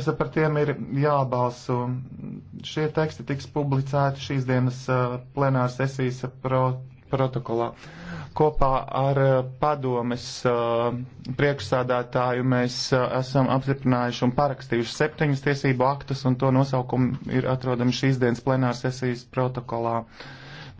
Es par tiem ir jābalso. Šie teksti tiks publicēti šīs dienas uh, plenāra sesijas pro, protokolā. Kopā ar uh, padomes uh, priekšsādātāju mēs esam apstiprinājuši un parakstījuši septiņus tiesību aktus, un to nosaukumu ir atrodami šīs dienas plenāra sesijas protokolā.